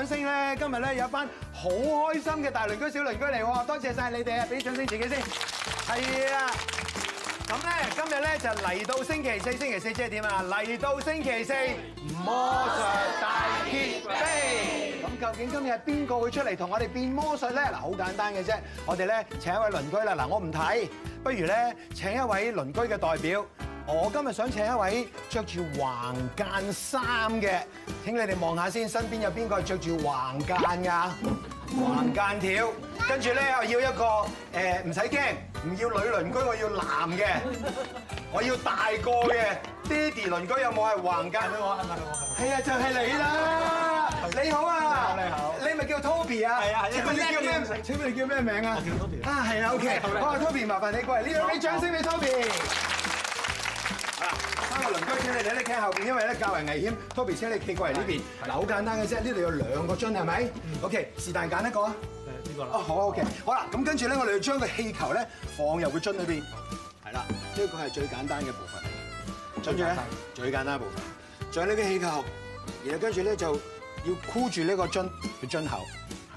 掌聲咧，今日咧有班好開心嘅大鄰居、小鄰居嚟，多謝晒你哋啊！俾掌聲自己先，係啊。咁咧今日咧就嚟到星期四，星期四即係點啊？嚟到星期四魔術大揭秘。咁究竟今日係邊個會出嚟同我哋變魔術咧？嗱，好簡單嘅啫，我哋咧請一位鄰居啦。嗱，我唔睇，不如咧請一位鄰居嘅代表。我今日想請一位著住橫間衫嘅，請你哋望下先，身邊有邊個係著住橫間㗎？橫間條，跟住咧我要一個誒，唔使驚，唔要女鄰居，我要男嘅，我要大個嘅爹哋鄰居有冇係橫間？係啊，就係你啦！你好啊，你好，你咪叫 Toby 啊？係啊，係啊，Toby 叫咩？Toby 你叫咩名啊？叫 Toby 啊。啊，係啊，OK。好啦，Toby，麻煩你過嚟，呢兩位掌聲俾 Toby。三個鄰居請你哋咧企喺後邊，因為咧較為危險。托比車你企過嚟呢邊，係好簡單嘅啫。呢度有兩個樽係咪？OK，是但揀、嗯、一個啊，呢、呢個啦。哦好 OK，好啦，咁跟住咧，我哋要將個氣球咧放入個樽裏邊，係啦，呢個係最簡單嘅部分嚟嘅。跟住咧最簡單，最簡單部分，就係呢個氣球，然後跟住咧就要箍住呢個樽嘅樽口，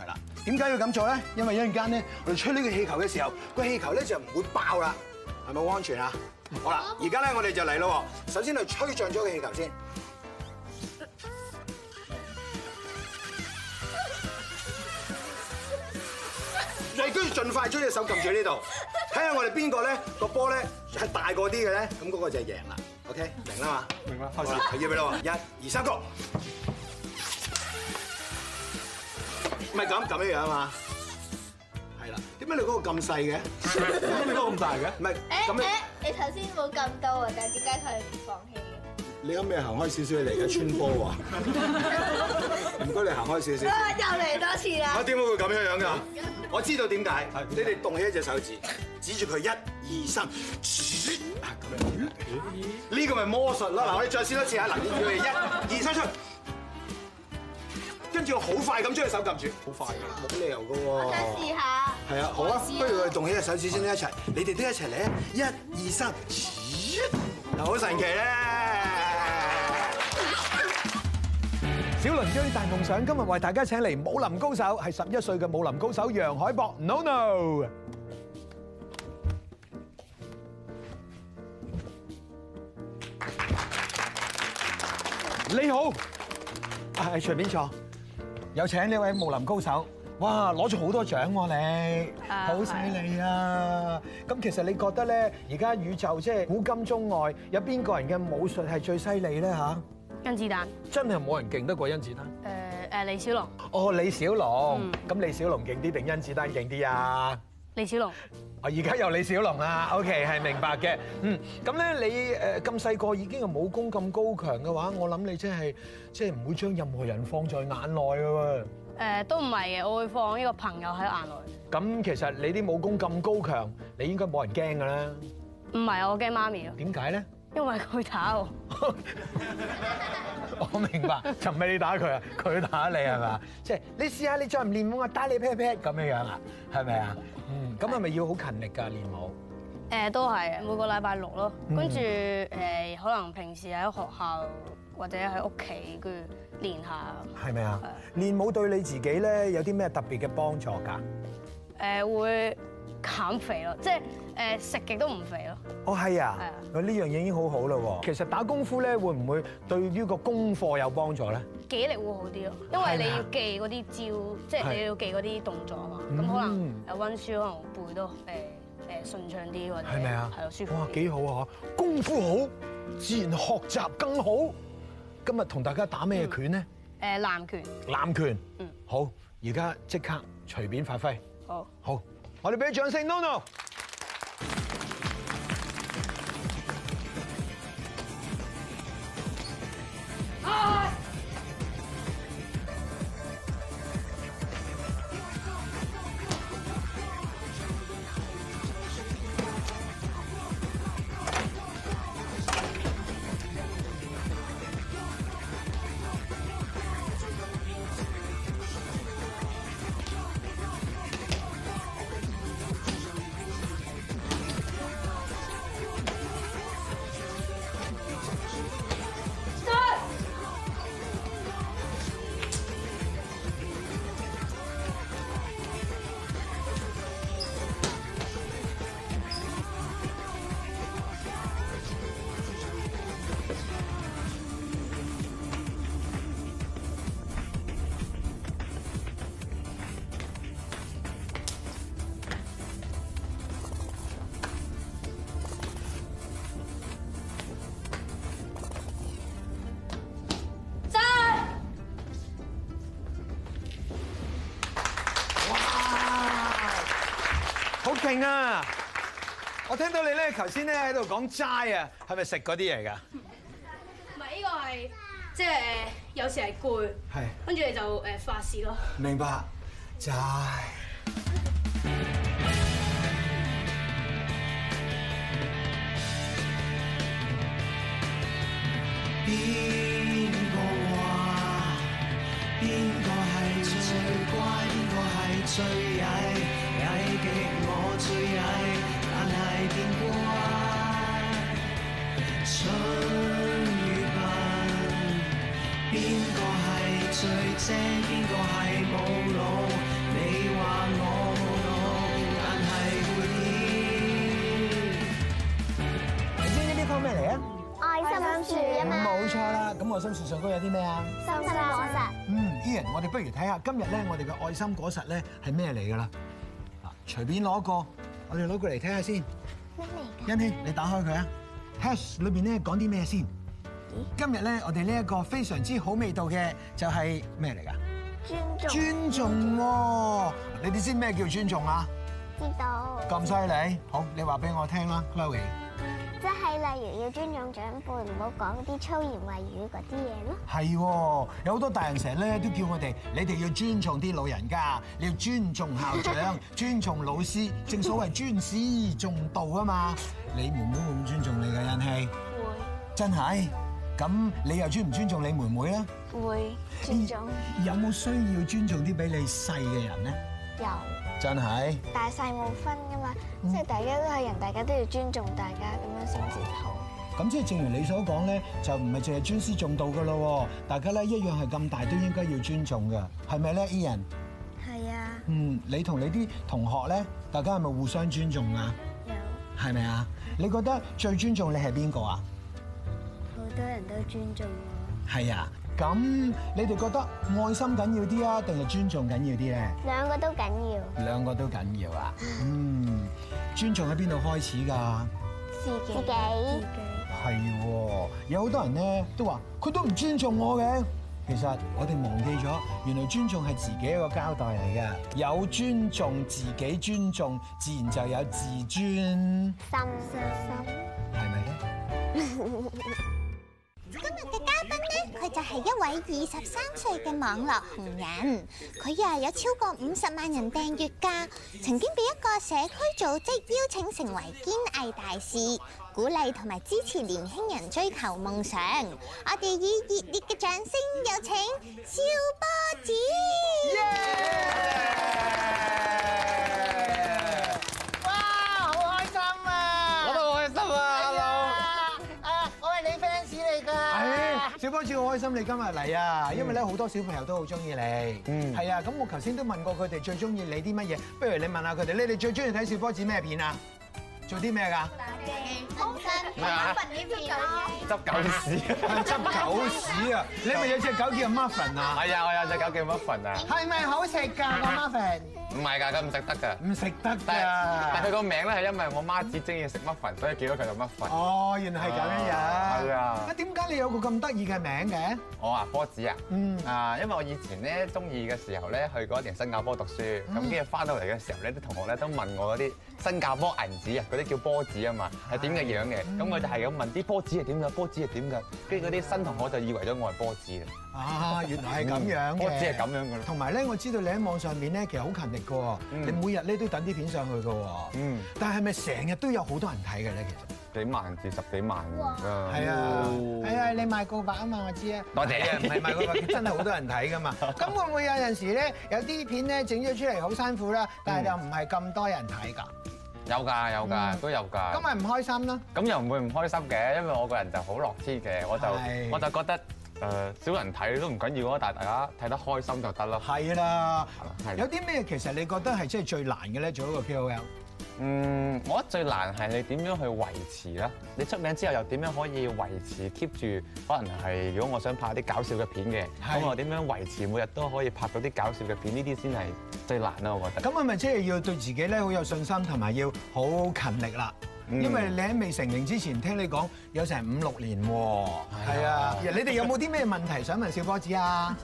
係啦。點解要咁做咧？因為一陣間咧我哋吹呢個氣球嘅時候，個氣球咧就唔會爆啦，係咪好安全啊？好啦，而家咧我哋就嚟咯，首先嚟吹脹咗個氣球先，你都要盡快將隻手撳住喺呢度，睇下我哋邊個咧個波咧係大過啲嘅咧，咁、那、嗰個就贏啦。OK，明啦嘛，明白。開始，準備啦喎，一、二、三、為那個那麼，唔係咁，咁一樣啊、欸、嘛、係、欸、啦。點解你嗰個咁細嘅？我呢個咁大嘅？唔係咁咧。你頭先冇咁多啊，但係點解佢唔放棄嘅？你今咩行開少少 你嚟嘅穿波啊？唔該你行開少少。又嚟多次啦！我點解會咁樣樣㗎？我知道點解。你哋動起一隻手指，指住佢一二三，咁樣。呢個咪魔術咯。嗱，我哋再試多次試下！嗱，叫你一二三出，跟住我好快咁將隻手撳住。好快㗎，冇理由㗎喎。我再試下。係啊，好啊，不如我哋動起隻手指先一齊，你哋都一齊嚟啊！一、二、三，好神奇咧！小鄰居大夢想，今日為大家請嚟武林高手係十一歲嘅武林高手楊海博，No No。你好，係，隨便坐。有請呢位武林高手。哇！攞咗好多獎喎你，好犀利啊！咁其實你覺得咧，而家宇宙即係古今中外，有邊個人嘅武術係最犀利咧吓？甄子丹，真係冇人勁得過甄子丹。誒誒，李小龍。哦，李小龍。嗯。咁李小龍勁啲定甄子丹勁啲啊？李小龍。哦，而家由李小龍啦。OK，係明白嘅。嗯。咁咧，你誒咁細個已經係武功咁高強嘅話，我諗你真係即係唔會將任何人放在眼內嘅喎。誒都唔係嘅，我會放呢個朋友喺眼內。咁其實你啲武功咁高強，你應該冇人驚㗎啦。唔係我驚媽咪啊？點解咧？因為佢打我。我明白，就唔係你打佢啊，佢打你係咪啊？即係你試下，你再唔練武啊，打你劈劈咁樣樣啦，係咪啊？嗯，咁係咪要好勤力㗎練武？誒都係，每個禮拜六咯，跟住誒可能平時喺學校。或者喺屋企佢練下，係咪啊？練武對你自己咧有啲咩特別嘅幫助㗎？誒、呃、會減肥咯，即係誒食極都唔肥咯。哦係啊，咁呢樣已經好好啦喎。其實打功夫咧會唔會對於個功課有幫助咧？記憶力會好啲咯，因為你要記嗰啲招，即係你要記嗰啲動作啊嘛。咁可能誒溫書可能背都誒誒順暢啲或者係咪啊？係咯，舒服。哇幾好啊！功夫好自然學習更好。今日同大家打咩拳呢？誒、嗯，南、呃、拳。南拳，嗯，好，而家即刻隨便發揮。好，好，我哋俾啲掌聲！No No。啊啊！我聽到你咧，頭先咧喺度講齋啊，係咪食嗰啲嘢㗎？唔係呢個係，即係誒，有時係攰，係，跟住你就誒發泄咯。明白，齋。邊個話？邊個係最乖？邊個係最曳？我最最但春你我但知呢啲叫咩嚟啊？愛心樹啊嘛，冇錯啦。咁愛心樹上高有啲咩啊？愛心果實。嗯 Ian 我哋不如睇下今日咧，我哋嘅愛心果實咧係咩嚟噶啦？隨便攞個，我哋攞個嚟睇下先。乜嚟㗎？欣希，你打開佢啊！Has 裏邊咧講啲咩先？今日咧，我哋呢一個非常之好味道嘅，就係咩嚟㗎？尊重。尊重喎！啊，你哋知咩叫尊重啊？知道。咁犀利，好，你話俾我聽啦 Chloe。即係例如要尊重長輩，唔好講啲粗言穢語嗰啲嘢咯。係，有好多大人成日咧都叫我哋，你哋要尊重啲老人家，你要尊重校長、尊重老師，正所謂尊師重道啊嘛。你妹妹會唔會尊重你噶，欣欣？會。真係，咁你又尊唔尊重你妹妹啊？會，尊重。有冇需要尊重啲比你細嘅人咧？有。真係大細冇分噶嘛，即係大家都係人，大家都要尊重大家，咁樣先至好。咁即係正如你所講咧，就唔係淨係尊師重道噶咯，大家咧一樣係咁大都應該要尊重噶，係咪咧，Ian？係啊。嗯，你同你啲同學咧，大家係咪互相尊重啊？有。係咪啊？你覺得最尊重你係邊個啊？好多人都尊重我。係啊。咁你哋覺得愛心緊要啲啊，定係尊重緊要啲咧？兩個都緊要。兩個都緊要啊！ 嗯，尊重喺邊度開始㗎？自己。自己。係喎、哦，有好多人咧都話佢都唔尊重我嘅。其實我哋忘記咗，原來尊重係自己一個交代嚟嘅。有尊重自己，尊重自然就有自尊。心心。係咪咧？ 佢就係一位二十三歲嘅網絡紅人，佢又有超過五十萬人訂閱噶，曾經被一個社區組織邀請成為堅毅大使，鼓勵同埋支持年輕人追求夢想。我哋以熱烈嘅掌聲有請笑波子。好開心你今日嚟啊！因為咧好多小朋友都好中意你，嗯是，嗯，係啊。咁我頭先都問過佢哋最中意你啲乜嘢，不如你問下佢哋，你哋最中意睇笑波子咩片啊？做啲咩㗎？馬、嗯、芬。咩、哦、啊？執狗屎。執狗屎啊！ 你係咪有隻狗叫 Muffin 啊？係啊，我有隻狗叫 Muffin 啊。係咪好食㗎？個 Muffin。唔係㗎，咁唔食得㗎，唔食得㗎。但係佢個名咧係因為我媽子中意食乜粉，所以叫咗佢做乜粉。哦，原來係咁樣樣。係啊。對啊，啊，點解你有個咁得意嘅名嘅？我、哦、啊，波子啊、嗯，啊，因為我以前咧中意嘅時候咧，去嗰一年新加坡讀書，咁跟住翻到嚟嘅時候咧，啲同學咧都問我嗰啲新加坡銀紙啊，嗰啲叫波子啊嘛，係點嘅樣嘅，咁我、嗯、就係咁問啲波子係點嘅，波子係點嘅。跟住嗰啲新同學就以為咗我係波子。啊，原來係咁樣嘅，我只係咁樣嘅啦。同埋咧，我知道你喺網上面咧，其實好勤力㗎喎。你每日咧都等啲片上去㗎喎。嗯。但係係咪成日都有好多人睇嘅咧？其實幾萬至十幾萬。哇！係啊，係啊，你賣告白啊嘛，我知啊。我哋啊，唔係賣告白，真係好多人睇㗎嘛。咁會唔會有陣時咧，有啲片咧整咗出嚟好辛苦啦，但係又唔係咁多人睇㗎？有㗎，有㗎，都有㗎。咁咪唔開心囉？咁又唔會唔開心嘅，因為我個人就好樂天嘅，我就我就覺得。誒少人睇都唔緊要啊！但係大家睇得開心就得啦。係啦，係有啲咩其實你覺得係真係最難嘅咧？做一個 KOL。嗯，我覺得最難係你點樣去維持啦。你出名之後又點樣可以維持 keep 住？可能係如果我想拍啲搞笑嘅片嘅，咁我點樣維持每日都可以拍到啲搞笑嘅片？呢啲先係最難啦，我覺得。咁係咪即係要對自己咧好有信心，同埋要好勤力啦？因為你喺未成年之前，聽你講有成五六年喎，係啊！你哋有冇啲咩問題想問笑波子啊？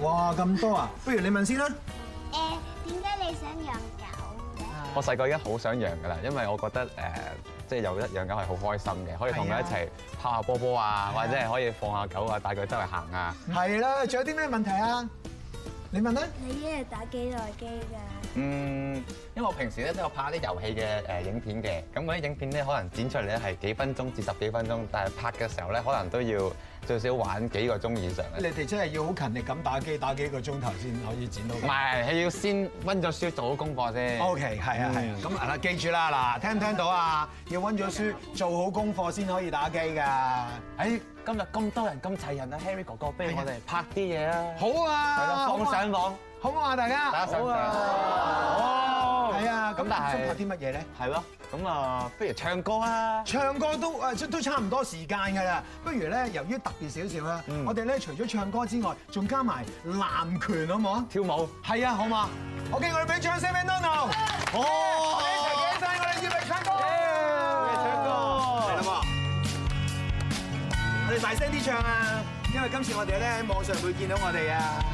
哇，咁多啊！不如你問先啦。誒，點解你想養狗？我細個已經好想養噶啦，因為我覺得誒，即、呃、係、就是、有一養狗係好開心嘅，可以同佢一齊拋下波波啊，啊或者係可以放下狗啊，是啊，是啊，帶佢周圍行啊。係啦，仲有啲咩問題啊？你問啦，你一日打幾耐機㗎？嗯，因為我平時咧都有拍啲遊戲嘅誒影片嘅，咁嗰啲影片咧可能剪出嚟咧係幾分鐘至十幾分鐘，但係拍嘅時候咧可能都要。最少玩幾個鐘以上你哋真係要好勤力咁打機，打幾個鐘頭先可以剪到。唔係，係要先温咗書，做好功課先。OK，係啊，係。咁啊，記住啦，嗱，聽唔聽到啊？要温咗書，做好功課先可以打機㗎。誒，今日咁多人，咁齊人啊，Harry 哥哥，不如我哋拍啲嘢啊，啊，啊。好啊，放上網，好唔好啊？大家，好啊。係啊，咁但係，做下啲乜嘢咧？係咯，咁啊，不如唱歌啊！唱歌都啊，都差唔多時間㗎啦。不如咧，由於特別少少啦，我哋咧除咗唱歌之外，仲加埋南拳好唔好？跳舞係啊，好唔好啊？OK 我哋俾掌聲俾 Donald，好！謝謝謝曬，我哋要嚟唱歌，要嚟唱歌，係啦我哋大聲啲唱啊！因為今次我哋咧喺網上會見到我哋啊，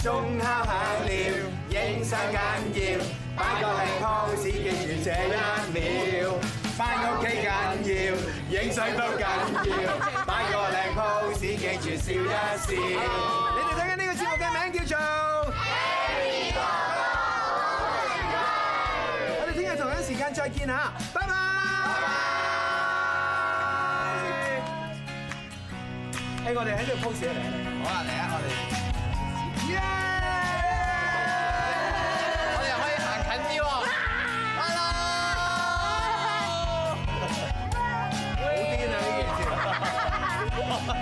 鐘敲響料，影相緊要。擺個靚 pose，記住這一秒，翻屋企緊要，影相都緊要，擺個靚 pose，記住笑一笑。你哋睇緊呢個節目嘅名叫做《Happy Together》我哋聽日同一時間再見吓！拜拜！拜拜。喺我哋喺呢度 pose，好啦嚟啊，我哋。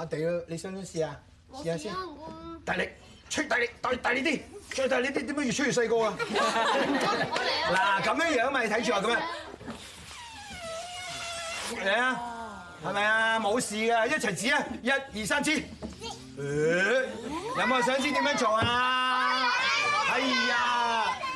麻你想唔想試啊？試下先，大力出大力大大力啲，再大力啲，點解越出越細個啊？嗱，咁樣樣咪睇住啊，咁樣嚟啊，係咪啊？冇事啊，一齊指啊，一、二、三，指。有冇想知點樣做啊？哎呀！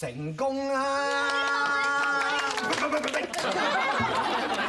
成功啦！別別別別別。